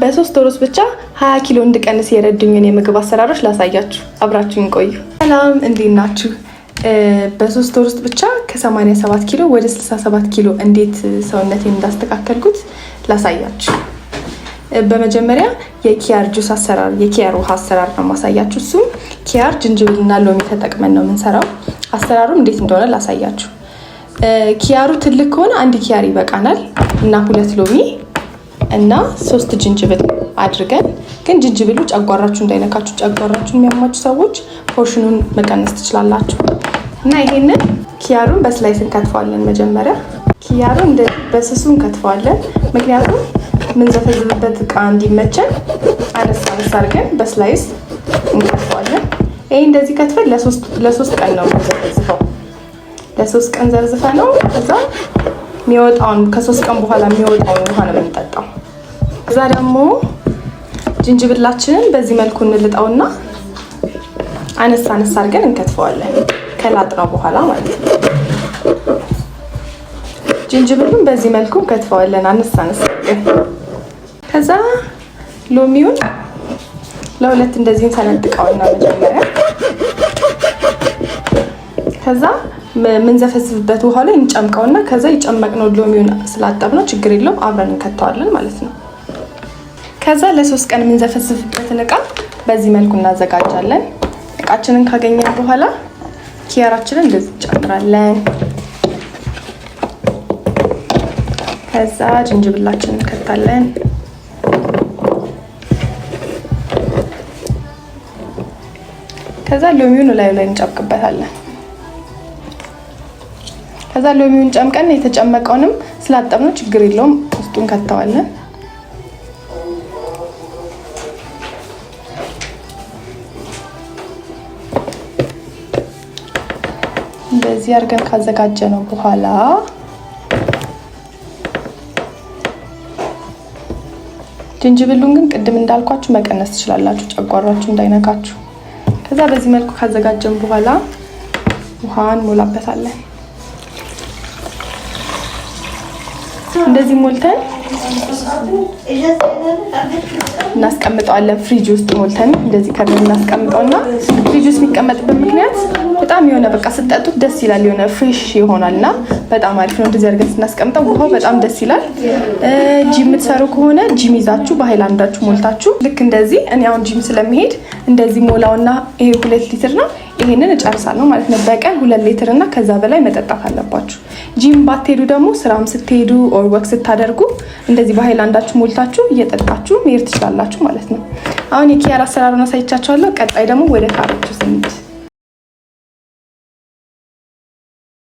በሶስት ወር ውስጥ ብቻ 20 ኪሎ እንድቀንስ የረዱኝን የምግብ አሰራሮች ላሳያችሁ። አብራችሁን ቆዩ። ሰላም፣ እንዴት ናችሁ? በሶስት ወር ውስጥ ብቻ ከ87 ኪሎ ወደ 67 ኪሎ እንዴት ሰውነቴን እንዳስተካከልኩት ላሳያችሁ። በመጀመሪያ የኪያር ጁስ አሰራር የኪያር ውሃ አሰራር ነው ማሳያችሁ። እሱም ኪያር ጅንጅብልና ሎሚ ተጠቅመን ነው የምንሰራው። አሰራሩ እንዴት እንደሆነ ላሳያችሁ። ኪያሩ ትልቅ ከሆነ አንድ ኪያር ይበቃናል እና ሁለት ሎሚ እና ሶስት ጅንጅብል አድርገን ግን ጅንጅብሉ ጨጓራችሁ እንዳይነካችሁ ጨጓራችሁ የሚያማችሁ ሰዎች ፖርሽኑን መቀነስ ትችላላችሁ። እና ይሄንን ኪያሩን በስላይስ እንከትፈዋለን። መጀመሪያ ኪያሩን በስሱ እንከትፈዋለን። ምክንያቱም ምንዘፈዝፍበት እቃ እንዲመቸን አነሳ አነሳ አድርገን በስላይስ እንከትፈዋለን። ይሄ እንደዚህ ከትፈን ለሶስት ቀን ነው የምንዘፈዝፈው። ለሶስት ቀን ዘርዝፈ ነው ከዛ የሚወጣውን ከሶስት ቀን በኋላ የሚወጣውን ውሃ ነው የምንጠጣው። እዛ ደግሞ ጅንጅብላችንን በዚህ መልኩ እንልጠውና አነሳ አነሳ አድርገን እንከትፈዋለን። ከላጥነው በኋላ ማለት ነው። ጅንጅብሉን በዚህ መልኩ እንከትፈዋለን። አነሳ አነሳ አድርገን ከዛ ሎሚውን ለሁለት እንደዚህ እንሰነጥቀውና መጀመሪያ ከዛ ምንዘፈዝፍበት ውሃ ላይ እንጨምቀውና ከዛ የጨመቅነው ሎሚውን ስላጠብነው ችግር የለውም አብረን እንከተዋለን ማለት ነው። ከዛ ለሶስት ቀን የምንዘፈዝፍበትን እቃ በዚህ መልኩ እናዘጋጃለን። እቃችንን ካገኘን በኋላ ኪያራችንን እንደዚህ እንጨምራለን። ከዛ ጅንጅብላችንን እንከታለን። ከዛ ሎሚውን ላዩ ላይ እንጨምቅበታለን። ከዛ ሎሚውን ጨምቀን የተጨመቀውንም ስላጠብነው ችግር የለውም ውስጡ እንከተዋለን። እንደዚህ አድርገን ካዘጋጀ ነው በኋላ ጅንጅብሉን ግን ቅድም እንዳልኳችሁ መቀነስ ትችላላችሁ፣ ጨጓራችሁ እንዳይነካችሁ። ከዛ በዚህ መልኩ ካዘጋጀን በኋላ ውሃ እንሞላበታለን። እንደዚህ ሞልተን እናስቀምጠዋለን። ፍሪጅ ውስጥ ሞልተን እንደዚህ እናስቀምጠው እናስቀምጠውና ፍሪጅ ውስጥ የሚቀመጥበት ምክንያት በጣም የሆነ በቃ ስጠጡት ደስ ይላል፣ የሆነ ፍሬሽ ይሆናል እና በጣም አሪፍ ነው። እንደዚህ አድርገን ስናስቀምጠው ውሃው በጣም ደስ ይላል። ጂም የምትሰሩ ከሆነ ጂም ይዛችሁ በሀይላንዳችሁ ሞልታችሁ ልክ እንደዚህ እኔ አሁን ጂም ስለሚሄድ እንደዚህ ሞላውና ይሄ ሁለት ሊትር ነው ይሄንን እጨርሳለሁ ማለት ነው። በቀን ሁለት ሊትር እና ከዛ በላይ መጠጣት አለባችሁ። ጂም ባትሄዱ ደግሞ ስራም ስትሄዱ ኦር ወክ ስታደርጉ እንደዚህ በሀይላንዳችሁ ሞልታችሁ እየጠጣችሁ መሄድ ትችላላችሁ ማለት ነው። አሁን የኪያር አሰራሩን አሳይቻችኋለሁ። ቀጣይ ደግሞ ወደ ካሮቹ ስንሄድ